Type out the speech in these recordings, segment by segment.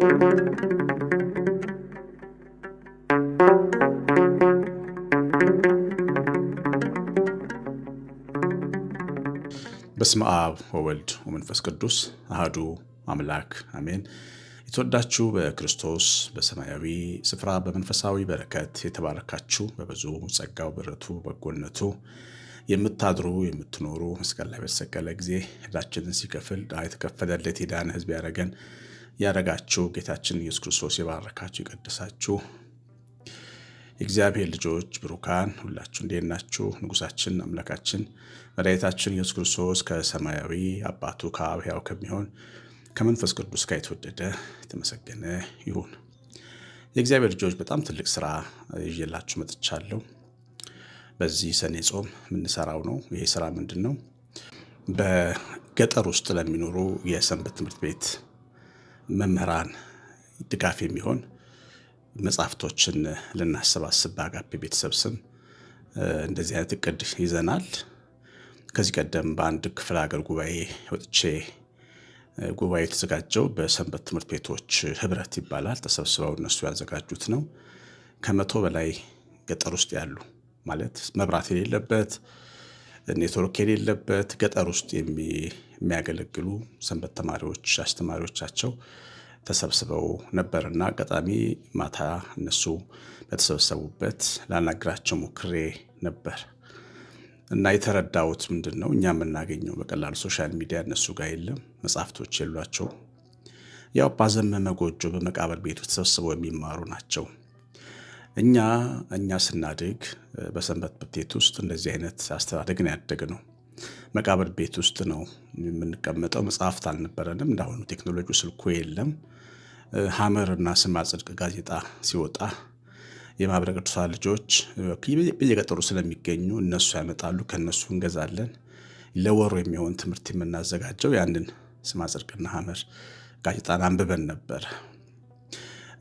በስመ አብ ወወልድ ወመንፈስ ቅዱስ አህዱ አምላክ አሜን። የተወዳችሁ በክርስቶስ በሰማያዊ ስፍራ በመንፈሳዊ በረከት የተባረካችሁ በብዙ ጸጋው ብረቱ በጎነቱ የምታድሩ የምትኖሩ መስቀል ላይ በተሰቀለ ጊዜ ዕዳችንን ሲከፍል የተከፈለለት የዳነ ሕዝብ ያደረገን ያደረጋችሁ ጌታችን ኢየሱስ ክርስቶስ የባረካችሁ የቀደሳችሁ የእግዚአብሔር ልጆች ብሩካን ሁላችሁ እንዴት ናችሁ? ንጉሳችን አምላካችን መድኃኒታችን ኢየሱስ ክርስቶስ ከሰማያዊ አባቱ ከአብ ሕያው ከሚሆን ከመንፈስ ቅዱስ ጋር የተወደደ የተመሰገነ ይሁን። የእግዚአብሔር ልጆች በጣም ትልቅ ስራ ይዤላችሁ መጥቻለሁ። በዚህ ሰኔ ጾም የምንሰራው ነው። ይሄ ስራ ምንድን ነው? በገጠር ውስጥ ለሚኖሩ የሰንበት ትምህርት ቤት መምህራን ድጋፍ የሚሆን መጽሐፍቶችን ልናሰባስብ በአጋፔ ቤተሰብ ስም እንደዚህ አይነት እቅድ ይዘናል። ከዚህ ቀደም በአንድ ክፍለ ሀገር ጉባኤ ወጥቼ ጉባኤ የተዘጋጀው በሰንበት ትምህርት ቤቶች ህብረት ይባላል። ተሰብስበው እነሱ ያዘጋጁት ነው። ከመቶ በላይ ገጠር ውስጥ ያሉ ማለት መብራት የሌለበት ኔትወርክ የሌለበት ገጠር ውስጥ የሚያገለግሉ ሰንበት ተማሪዎች አስተማሪዎቻቸው ተሰብስበው ነበርና አጋጣሚ ማታ እነሱ በተሰበሰቡበት ላናግራቸው ሞክሬ ነበር እና የተረዳሁት ምንድን ነው እኛ የምናገኘው በቀላሉ ሶሻል ሚዲያ እነሱ ጋር የለም፣ መጽሐፍቶች የሏቸው። ያው ባዘመመ ጎጆ በመቃብር ቤት ተሰብስበው የሚማሩ ናቸው። እኛ እኛ ስናድግ በሰንበት ቤት ውስጥ እንደዚህ አይነት አስተዳደግን ያደግ ነው። መቃብር ቤት ውስጥ ነው የምንቀመጠው። መጽሐፍት አልነበረንም። እንዳሁኑ ቴክኖሎጂ ስልኩ የለም። ሐመር እና ስማ ጽድቅ ጋዜጣ ሲወጣ የማህበረ ቅዱሳን ልጆች በየገጠሩ ስለሚገኙ እነሱ ያመጣሉ፣ ከነሱ እንገዛለን። ለወሩ የሚሆን ትምህርት የምናዘጋጀው ያንን ስማ ጽድቅና ሐመር ጋዜጣን አንብበን ነበር።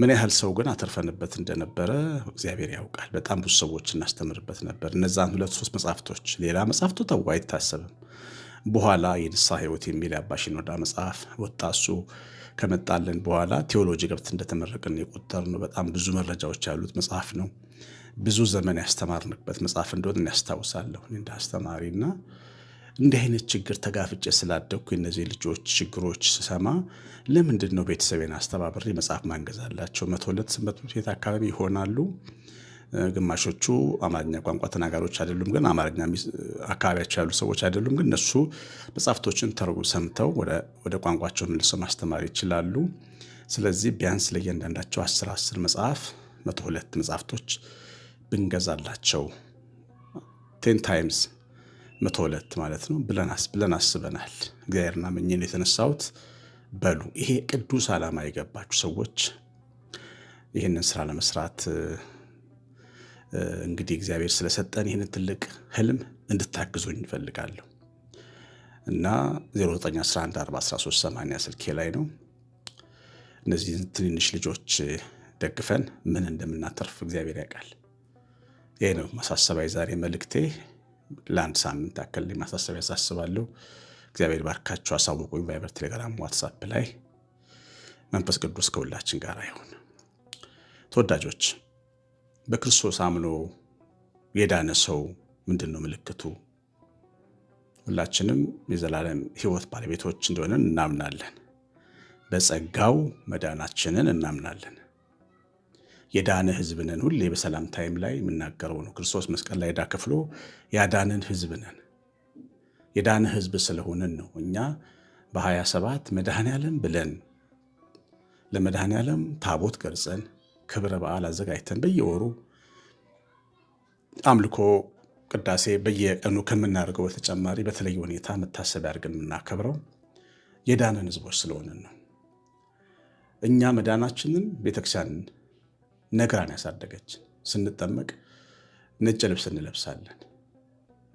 ምን ያህል ሰው ግን አተርፈንበት እንደነበረ እግዚአብሔር ያውቃል። በጣም ብዙ ሰዎች እናስተምርበት ነበር። እነዛን ሁለት ሶስት መጽሐፍቶች ሌላ መጽሐፍቱ ተው አይታሰብም። በኋላ የንስሐ ህይወት የሚል የአባ ሽኖዳ መጽሐፍ ወጣ። እሱ ከመጣልን በኋላ ቴዎሎጂ ገብት እንደተመረቅን የቆጠርነው በጣም ብዙ መረጃዎች ያሉት መጽሐፍ ነው። ብዙ ዘመን ያስተማርንበት መጽሐፍ እንደሆነ ያስታውሳለሁ እንደ አስተማሪ አስተማሪና እንዲህ አይነት ችግር ተጋፍጬ ስላደግኩ የነዚህ ልጆች ችግሮች ስሰማ ለምንድን ነው ቤተሰቤን አስተባብሬ መጽሐፍ ማንገዛላቸው? መቶ ሁለት ስመት ቤት አካባቢ ይሆናሉ። ግማሾቹ አማርኛ ቋንቋ ተናጋሪዎች አይደሉም፣ ግን አማርኛ አካባቢያቸው ያሉ ሰዎች አይደሉም፣ ግን እነሱ መጽሐፍቶችን ተርጉ ሰምተው ወደ ቋንቋቸው መልሰው ማስተማር ይችላሉ። ስለዚህ ቢያንስ ለእያንዳንዳቸው አስር አስር መጽሐፍ መቶ ሁለት መጽሐፍቶች ብንገዛላቸው ቴን ታይምስ መቶ ሁለት ማለት ነው ብለን አስበናል። እግዚአብሔርና መኝን የተነሳሁት በሉ። ይሄ ቅዱስ ዓላማ የገባችሁ ሰዎች ይህንን ስራ ለመስራት እንግዲህ እግዚአብሔር ስለሰጠን ይህንን ትልቅ ህልም እንድታግዙኝ እንፈልጋለሁ እና 09114138 ስልኬ ላይ ነው። እነዚህ ትንንሽ ልጆች ደግፈን ምን እንደምናተርፍ እግዚአብሔር ያውቃል። ይህ ነው ማሳሰባዊ ዛሬ መልእክቴ። ለአንድ ሳምንት ያክል ማሳሰቢያ ያሳስባለሁ። እግዚአብሔር ባርካቸው። አሳውቁ ቫይበር፣ ቴሌግራም፣ ዋትሳፕ ላይ። መንፈስ ቅዱስ ከሁላችን ጋር ይሁን። ተወዳጆች በክርስቶስ አምኖ የዳነ ሰው ምንድን ነው ምልክቱ? ሁላችንም የዘላለም ሕይወት ባለቤቶች እንደሆነን እናምናለን። በጸጋው መዳናችንን እናምናለን። የዳነ ህዝብ ነን። ሁሌ በሰላም ታይም ላይ የምናገረው ነው። ክርስቶስ መስቀል ላይ ዕዳ ከፍሎ ያዳንን ህዝብ ነን። የዳነ ህዝብ ስለሆነን ነው እኛ በ27 መድኃኔ ዓለም ብለን ለመድኃኔ ዓለም ታቦት ቀርጸን ክብረ በዓል አዘጋጅተን በየወሩ አምልኮ ቅዳሴ በየቀኑ ከምናደርገው በተጨማሪ በተለየ ሁኔታ መታሰቢያ አድርገን የምናከብረው የዳነን ህዝቦች ስለሆነን ነው። እኛ መዳናችንን ቤተክርስቲያን ነግራን ያሳደገችን። ስንጠመቅ ነጭ ልብስ እንለብሳለን።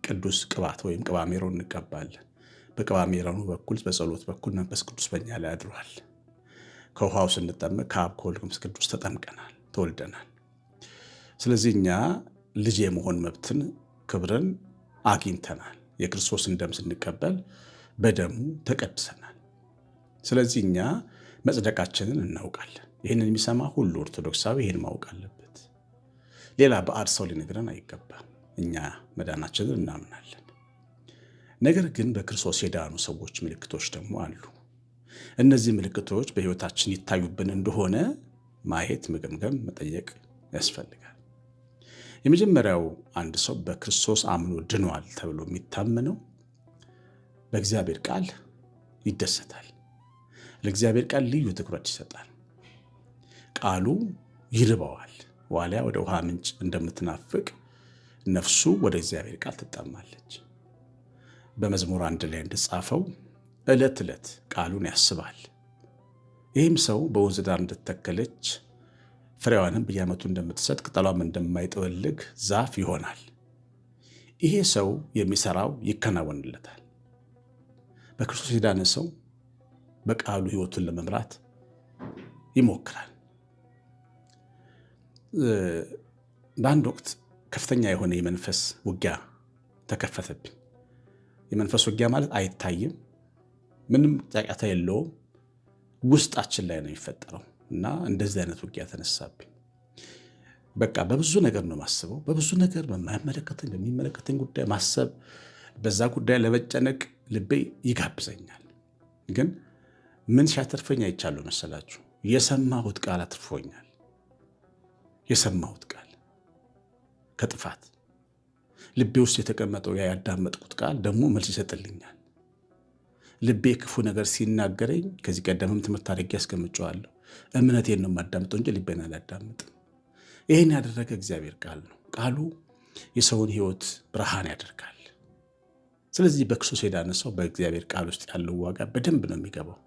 ቅዱስ ቅባት ወይም ቅባሜሮ እንቀባለን። በቅባሜሮኑ በኩል በጸሎት በኩል መንፈስ ቅዱስ በኛ ላይ አድሯል። ከውሃው ስንጠመቅ ከአብ ከወልድ ከመንፈስ ቅዱስ ተጠምቀናል፣ ተወልደናል። ስለዚህ እኛ ልጅ የመሆን መብትን ክብርን አግኝተናል። የክርስቶስን ደም ስንቀበል በደሙ ተቀድሰናል። ስለዚህ እኛ መጽደቃችንን እናውቃለን። ይህንን የሚሰማ ሁሉ ኦርቶዶክሳዊ ይህን ማወቅ አለበት። ሌላ በአድ ሰው ሊነግረን አይገባም። እኛ መዳናችንን እናምናለን። ነገር ግን በክርስቶስ የዳኑ ሰዎች ምልክቶች ደግሞ አሉ። እነዚህ ምልክቶች በሕይወታችን ይታዩብን እንደሆነ ማየት፣ መገምገም፣ መጠየቅ ያስፈልጋል። የመጀመሪያው አንድ ሰው በክርስቶስ አምኖ ድኗል ተብሎ የሚታመነው በእግዚአብሔር ቃል ይደሰታል። ለእግዚአብሔር ቃል ልዩ ትኩረት ይሰጣል። ቃሉ ይርበዋል። ዋሊያ ወደ ውሃ ምንጭ እንደምትናፍቅ ነፍሱ ወደ እግዚአብሔር ቃል ትጠማለች። በመዝሙር አንድ ላይ እንደጻፈው ዕለት ዕለት ቃሉን ያስባል። ይህም ሰው በወንዝ ዳር እንደተተከለች ፍሬዋንም በየዓመቱ እንደምትሰጥ ቅጠሏም እንደማይጠወልግ ዛፍ ይሆናል። ይሄ ሰው የሚሰራው ይከናወንለታል። በክርስቶስ የዳነ ሰው በቃሉ ህይወቱን ለመምራት ይሞክራል። በአንድ ወቅት ከፍተኛ የሆነ የመንፈስ ውጊያ ተከፈተብኝ። የመንፈስ ውጊያ ማለት አይታይም፣ ምንም ጫጫታ የለውም፣ ውስጣችን ላይ ነው የሚፈጠረው እና እንደዚህ አይነት ውጊያ ተነሳብኝ። በቃ በብዙ ነገር ነው ማስበው፣ በብዙ ነገር በማይመለከተኝ በሚመለከተኝ ጉዳይ ማሰብ፣ በዛ ጉዳይ ለመጨነቅ ልቤ ይጋብዘኛል ግን ምን ሲያተርፈኝ አይቻለሁ መሰላችሁ? የሰማሁት ቃል አትርፎኛል። የሰማሁት ቃል ከጥፋት ልቤ ውስጥ የተቀመጠው ያ ያዳመጥኩት ቃል ደግሞ መልስ ይሰጥልኛል። ልቤ ክፉ ነገር ሲናገረኝ ከዚህ ቀደምም ትምህርት አድርጌ ያስቀምጨዋለሁ። እምነቴን ነው የማዳምጠው እንጂ ልቤን አላዳምጥም። ይህን ያደረገ እግዚአብሔር ቃል ነው። ቃሉ የሰውን ሕይወት ብርሃን ያደርጋል። ስለዚህ በክርስቶስ የዳነ ሰው በእግዚአብሔር ቃል ውስጥ ያለው ዋጋ በደንብ ነው የሚገባው።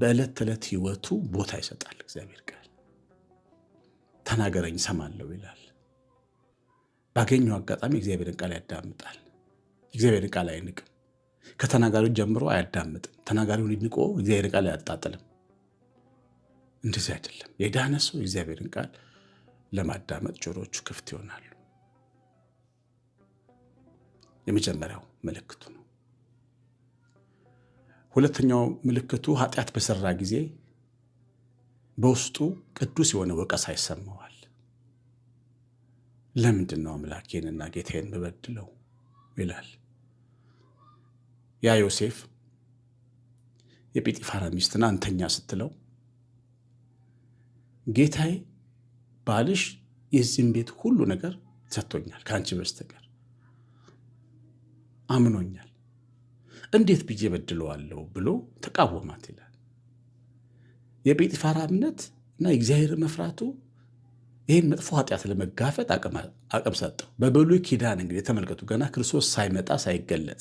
በዕለት ተዕለት ህይወቱ ቦታ ይሰጣል። እግዚአብሔር ቃል ተናገረኝ ሰማለው ይላል። ባገኘው አጋጣሚ እግዚአብሔርን ቃል ያዳምጣል። እግዚአብሔርን ቃል አይንቅም። ከተናጋሪው ጀምሮ አያዳምጥም። ተናጋሪውን ንቆ እግዚአብሔርን ቃል አያጣጥልም። እንደዚህ አይደለም። የዳነ ሰው የእግዚአብሔርን ቃል ለማዳመጥ ጆሮቹ ክፍት ይሆናሉ። የመጀመሪያው ምልክቱ ነው። ሁለተኛው ምልክቱ ኃጢአት በሰራ ጊዜ በውስጡ ቅዱስ የሆነ ወቀሳ ይሰማዋል። ለምንድን ነው አምላኬንና ጌታዬን በበድለው ይላል። ያ ዮሴፍ የጲጢፋራ ሚስትን አንተኛ ስትለው ጌታዬ ባልሽ የዚህም ቤት ሁሉ ነገር ሰጥቶኛል ከአንቺ በስተቀር አምኖኛል እንዴት ብዬ በድለዋለሁ ብሎ ተቃወማት ይላል። የጴጢፋራ እምነት እና የእግዚአብሔር መፍራቱ ይህን መጥፎ ኃጢአት ለመጋፈጥ አቅም ሰጠው። በብሉይ ኪዳን እንግዲህ የተመልከቱ ገና ክርስቶስ ሳይመጣ ሳይገለጥ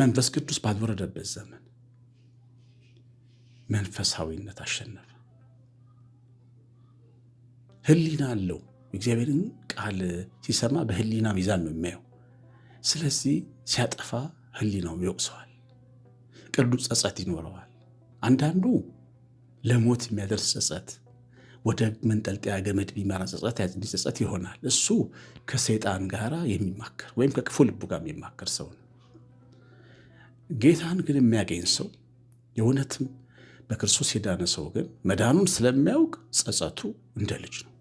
መንፈስ ቅዱስ ባልወረደበት ዘመን መንፈሳዊነት አሸነፈ። ህሊና አለው። እግዚአብሔርን ቃል ሲሰማ በህሊና ሚዛን ነው የሚያየው። ስለዚህ ሲያጠፋ ህሊናው ይወቅሰዋል። ቅዱስ ጸጸት ይኖረዋል። አንዳንዱ ለሞት የሚያደርስ ጸጸት፣ ወደ መንጠልጠያ ገመድ የሚመራ ጸጸት ጸጸት ይሆናል። እሱ ከሰይጣን ጋር የሚማከር ወይም ከክፉ ልቡ ጋር የሚማከር ሰው ነው። ጌታን ግን የሚያገኝ ሰው የእውነትም በክርስቶስ የዳነ ሰው ግን መዳኑን ስለሚያውቅ ጸጸቱ እንደ ልጅ ነው።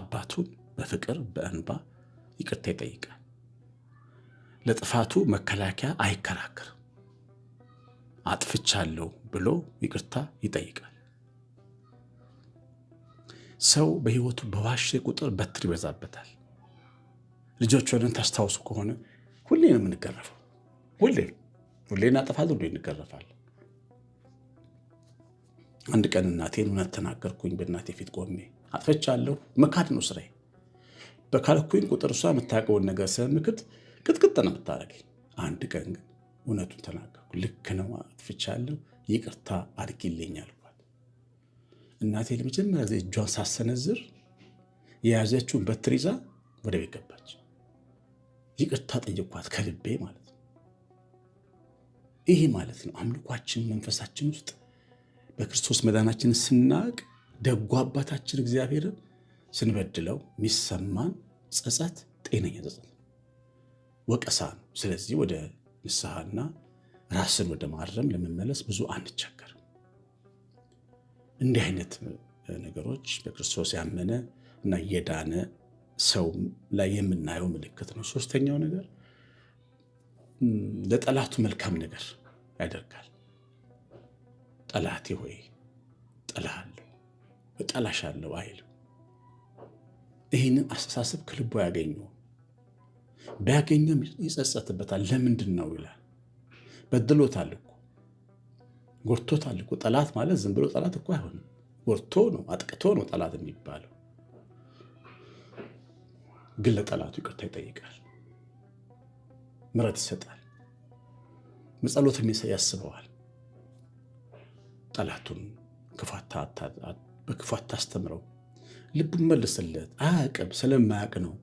አባቱን በፍቅር በእንባ ይቅርታ ይጠይቃል። ለጥፋቱ መከላከያ አይከራከርም። አጥፍቻለሁ ብሎ ይቅርታ ይጠይቃል። ሰው በህይወቱ በዋሸ ቁጥር በትር ይበዛበታል። ልጆች ሆነን ታስታውሱ ከሆነ ሁሌ ነው የምንገረፈው። ሁሌ ሁሌ እናጠፋለን፣ ሁሌ እንገረፋለን። አንድ ቀን እናቴን እውነት ተናገርኩኝ። በእናቴ ፊት ቆሜ አጥፍቻለሁ። መካድ ነው ስራዬ። በካልኩኝ ቁጥር እሷ የምታውቀውን ነገር ስለምክት ቅጥቅጥ ነው ብታደረገኝ። አንድ ቀን ግን እውነቱን ተናገርኩ። ልክ ነው አጥፍቻለሁ፣ ይቅርታ አድርጊልኝ አልኳት። እናቴ ለመጀመሪያ ጊዜ እጇን ሳሰነዝር የያዘችውን በትር ይዛ ወደ ቤት ገባች። ይቅርታ ጠየኳት ከልቤ ማለት ነው። ይሄ ማለት ነው አምልኳችን መንፈሳችን ውስጥ በክርስቶስ መዳናችን ስናቅ ደጎ አባታችን እግዚአብሔርን ስንበድለው የሚሰማን ጸጸት ጤነኛ ጸጸት ወቀሳ ነው። ስለዚህ ወደ ንስሐና ራስን ወደ ማረም ለመመለስ ብዙ አንቸገርም። እንዲህ አይነት ነገሮች በክርስቶስ ያመነ እና የዳነ ሰው ላይ የምናየው ምልክት ነው። ሶስተኛው ነገር ለጠላቱ መልካም ነገር ያደርጋል። ጠላቴ ሆይ እጠላሃለሁ፣ እጠላሻለሁ አይልም። ይህንን አስተሳሰብ ከልቦ ያገኘው ቢያገኘም ይጸጸትበታል። ለምንድን ነው ይላል። በድሎታል እኮ ጎርቶታል እኮ። ጠላት ማለት ዝም ብሎ ጠላት እኮ አይሆንም። ጎርቶ ነው አጥቅቶ ነው ጠላት የሚባለው። ግን ለጠላቱ ይቅርታ ይጠይቃል፣ ምረት ይሰጣል፣ በጸሎትም ያስበዋል። ጠላቱን በክፋት ታስተምረው ልቡን መልስለት። አያቅም፣ ስለማያቅ ነው።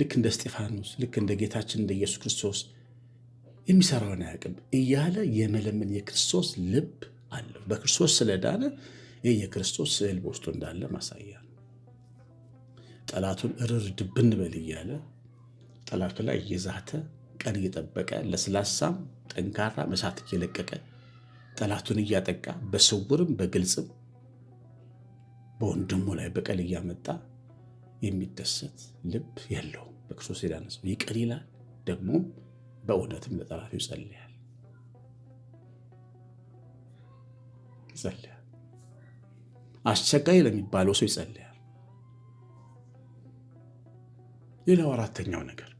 ልክ እንደ እስጢፋኖስ ልክ እንደ ጌታችን እንደ ኢየሱስ ክርስቶስ የሚሰራውን አያውቅም እያለ የመለመን የክርስቶስ ልብ አለው። በክርስቶስ ስለዳነ ይህ የክርስቶስ ስዕል በውስጡ እንዳለ ማሳያ ነው። ጠላቱን እርር ድብን በል እያለ ጠላቱ ላይ እየዛተ ቀን እየጠበቀ ለስላሳም ጠንካራ መሳት እየለቀቀ ጠላቱን እያጠቃ በስውርም በግልጽም በወንድሙ ላይ በቀል እያመጣ የሚደሰት ልብ የለውም። በክርስቶስ የዳነ ሰው ይቅር ይላል፣ ደግሞም በእውነትም ለጠላፊው ይጸልያል ይጸልያል። አስቸጋሪ ለሚባለው ሰው ይጸልያል። ሌላው አራተኛው ነገር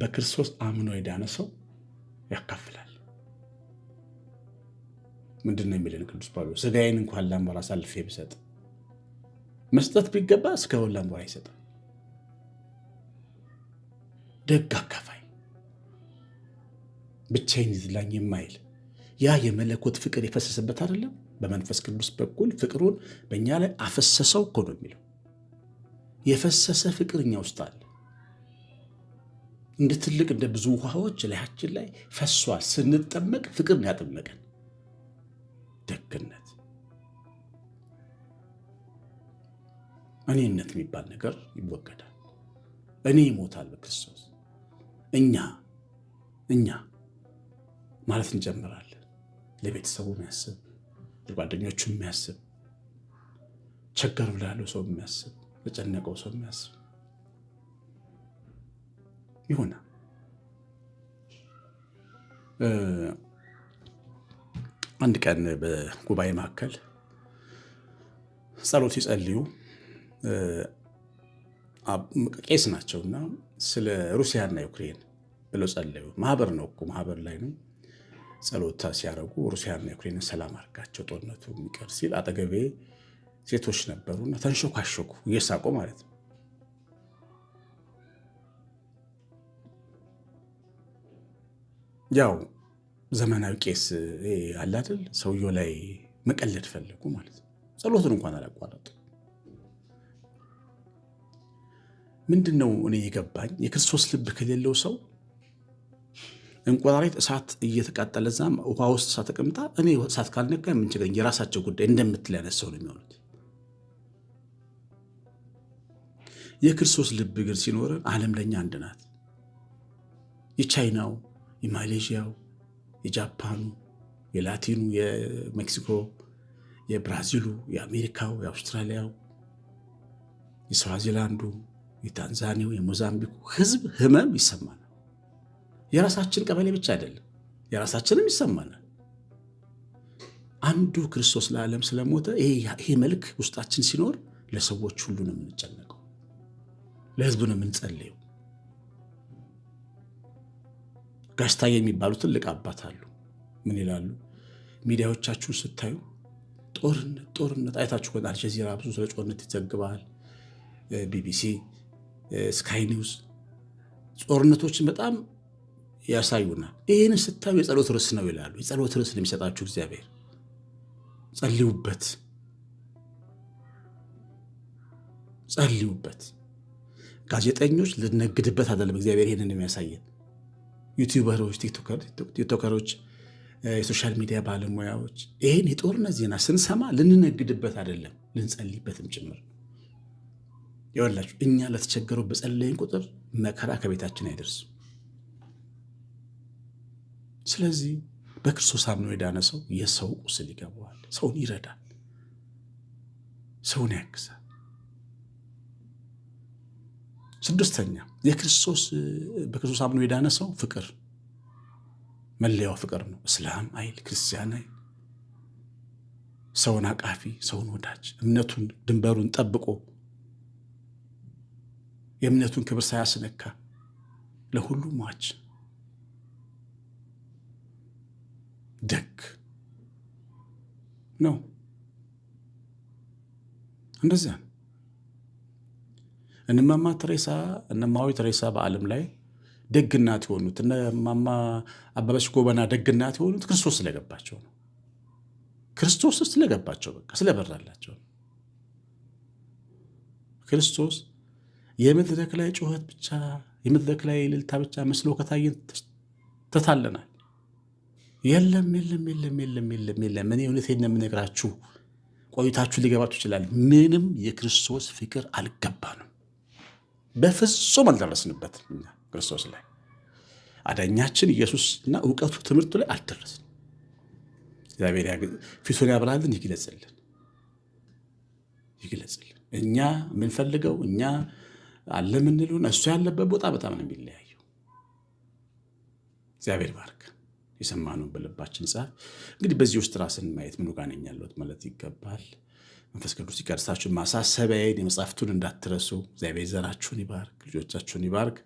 በክርስቶስ አምኖ የዳነ ሰው ያካፍላል። ምንድን ነው የሚለን ቅዱስ ጳውሎስ? ስጋዬን እንኳን ለአንበራ አሳልፌ ብሰጥ መስጠት ቢገባ እስከ ሁላንቧ አይሰጥም። ደግ አካፋይ፣ ብቻዬን ይዝላኝ የማይል ያ የመለኮት ፍቅር የፈሰሰበት አይደለም። በመንፈስ ቅዱስ በኩል ፍቅሩን በእኛ ላይ አፈሰሰው እኮ ነው የሚለው። የፈሰሰ ፍቅር እኛ ውስጥ አለ። እንደ ትልቅ እንደ ብዙ ውሃዎች ላያችን ላይ ፈሷል። ስንጠመቅ ፍቅር ያጠመቀን ደግነ እኔነት የሚባል ነገር ይወገዳል። እኔ ይሞታል በክርስቶስ እኛ እኛ ማለት እንጀምራለን። ለቤተሰቡ የሚያስብ ለጓደኞቹ የሚያስብ ቸገር ብላለው ሰው የሚያስብ ለጨነቀው ሰው የሚያስብ ይሆናል። አንድ ቀን በጉባኤ መካከል ጸሎት ይጸልዩ ቄስ ናቸው እና ስለ ሩሲያና ዩክሬን ብለው ጸለዩ። ማህበር ነው እኮ ማህበር ላይ ነው ጸሎታ ሲያደርጉ ሩሲያና ዩክሬን ሰላም አድርጋቸው ጦርነቱ የሚቀር ሲል አጠገቤ ሴቶች ነበሩና ተንሾካሾኩ እየሳቁ ማለት ነው። ያው ዘመናዊ ቄስ አለ አይደል፣ ሰውየው ላይ መቀለድ ፈለጉ ማለት ነው። ጸሎቱን እንኳን አላቋረጡ ምንድን ነው እኔ የገባኝ የክርስቶስ ልብ ከሌለው ሰው እንቁራሪት እሳት እየተቃጠለ እዛም ውሃ ውስጥ እሳት ተቀምጣ እኔ እሳት ካልነካ የምንችለኝ የራሳቸው ጉዳይ እንደምትል አይነት ሰው ነው የሚሆኑት። የክርስቶስ ልብ ግን ሲኖረን ዓለም ለእኛ አንድ ናት። የቻይናው፣ የማሌዥያው፣ የጃፓኑ፣ የላቲኑ፣ የሜክሲኮ፣ የብራዚሉ፣ የአሜሪካው፣ የአውስትራሊያው፣ የስዋዚላንዱ የታንዛኒያው የሞዛምቢኩ ህዝብ ህመም ይሰማናል። የራሳችን ቀበሌ ብቻ አይደለም፣ የራሳችንም ይሰማናል። አንዱ ክርስቶስ ለዓለም ስለሞተ ይሄ መልክ ውስጣችን ሲኖር ለሰዎች ሁሉ ነው የምንጨነቀው፣ ለህዝቡ ነው የምንጸልየው። ጋሽታ የሚባሉ ትልቅ አባት አሉ። ምን ይላሉ? ሚዲያዎቻችሁን ስታዩ ጦርነት ጦርነት አይታችሁ፣ አልጀዚራ ብዙ ስለ ጦርነት ይዘግባል። ቢቢሲ ስካይ ኒውስ ጦርነቶችን በጣም ያሳዩናል። ይህንን ስታዩ የጸሎት ርዕስ ነው ይላሉ። የጸሎት ርዕስ ነው የሚሰጣችሁ እግዚአብሔር። ጸልዩበት፣ ጸልዩበት። ጋዜጠኞች ልነግድበት አይደለም እግዚአብሔር ይህንን የሚያሳየን። ዩቲዩበሮች፣ ቲክቶከሮች፣ የሶሻል ሚዲያ ባለሙያዎች ይህን የጦርነት ዜና ስንሰማ ልንነግድበት አይደለም ልንጸልይበትም ጭምር ይወላችሁ እኛ ለተቸገሩ በጸለይን ቁጥር መከራ ከቤታችን አይደርስም። ስለዚህ በክርስቶስ አምኖ የዳነ ሰው የሰው ቁስል ይገባዋል። ሰውን ይረዳል፣ ሰውን ያግዛል። ስድስተኛ የክርስቶስ በክርስቶስ አምኖ የዳነ ሰው ፍቅር መለያው ፍቅር ነው። እስላም አይል፣ ክርስቲያን አይል፣ ሰውን አቃፊ፣ ሰውን ወዳጅ፣ እምነቱን ድንበሩን ጠብቆ የእምነቱን ክብር ሳያስነካ ለሁሉ ሟች ደግ ነው። እንደዚያ ነው። ተሬሳ እነማዊ ተሬሳ በዓለም ላይ ደግናት የሆኑት እነማማ አበበች ጎበና ደግናት የሆኑት ክርስቶስ ስለገባቸው ነው። ክርስቶስ ስለገባቸው በቃ ስለበራላቸው ክርስቶስ የመድረክ ላይ ጩኸት ብቻ የመድረክ ላይ ልልታ ብቻ መስሎ ከታየን ተታለናል። የለም የለም የለም የለም የለም የለም። እኔ እውነቴን ነው የምነግራችሁ፣ ቆይታችሁ ሊገባችሁ ይችላል። ምንም የክርስቶስ ፍቅር አልገባንም፣ በፍጹም አልደረስንበት። ክርስቶስ ላይ አዳኛችን ኢየሱስና እውቀቱ ትምህርቱ ላይ አልደረስን። እግዚአብሔር ፊቱን ያብራልን፣ ይግለጽልን፣ ይግለጽልን። እኛ የምንፈልገው እኛ አለ ምንሉን እሱ ያለበት ቦታ በጣም ነው የሚለያየው። እግዚአብሔር ባርክ። የሰማነውን በልባችን ጻፍ። እንግዲህ በዚህ ውስጥ ራስን ማየት ምን ጋር ነኝ ያለሁት ማለት ይገባል። መንፈስ ቅዱስ ይቀድሳችሁ። ማሳሰቢያዬን የመጽሐፍቱን እንዳትረሱ። እግዚአብሔር ዘራችሁን ይባርክ፣ ልጆቻችሁን ይባርክ።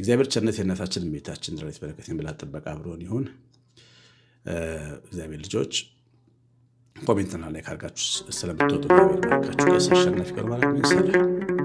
እግዚአብሔር ቸርነት የእናታችን ቤታችን ረት በረከት ብላ ጥበቃ አብሮን ይሁን። እግዚአብሔር ልጆች ኮሜንትና ላይ ካርጋችሁ ስለምትወጡ እግዚአብሔር ባርካችሁ። ቀሲስ አሸናፊ ገር ማለት ነው።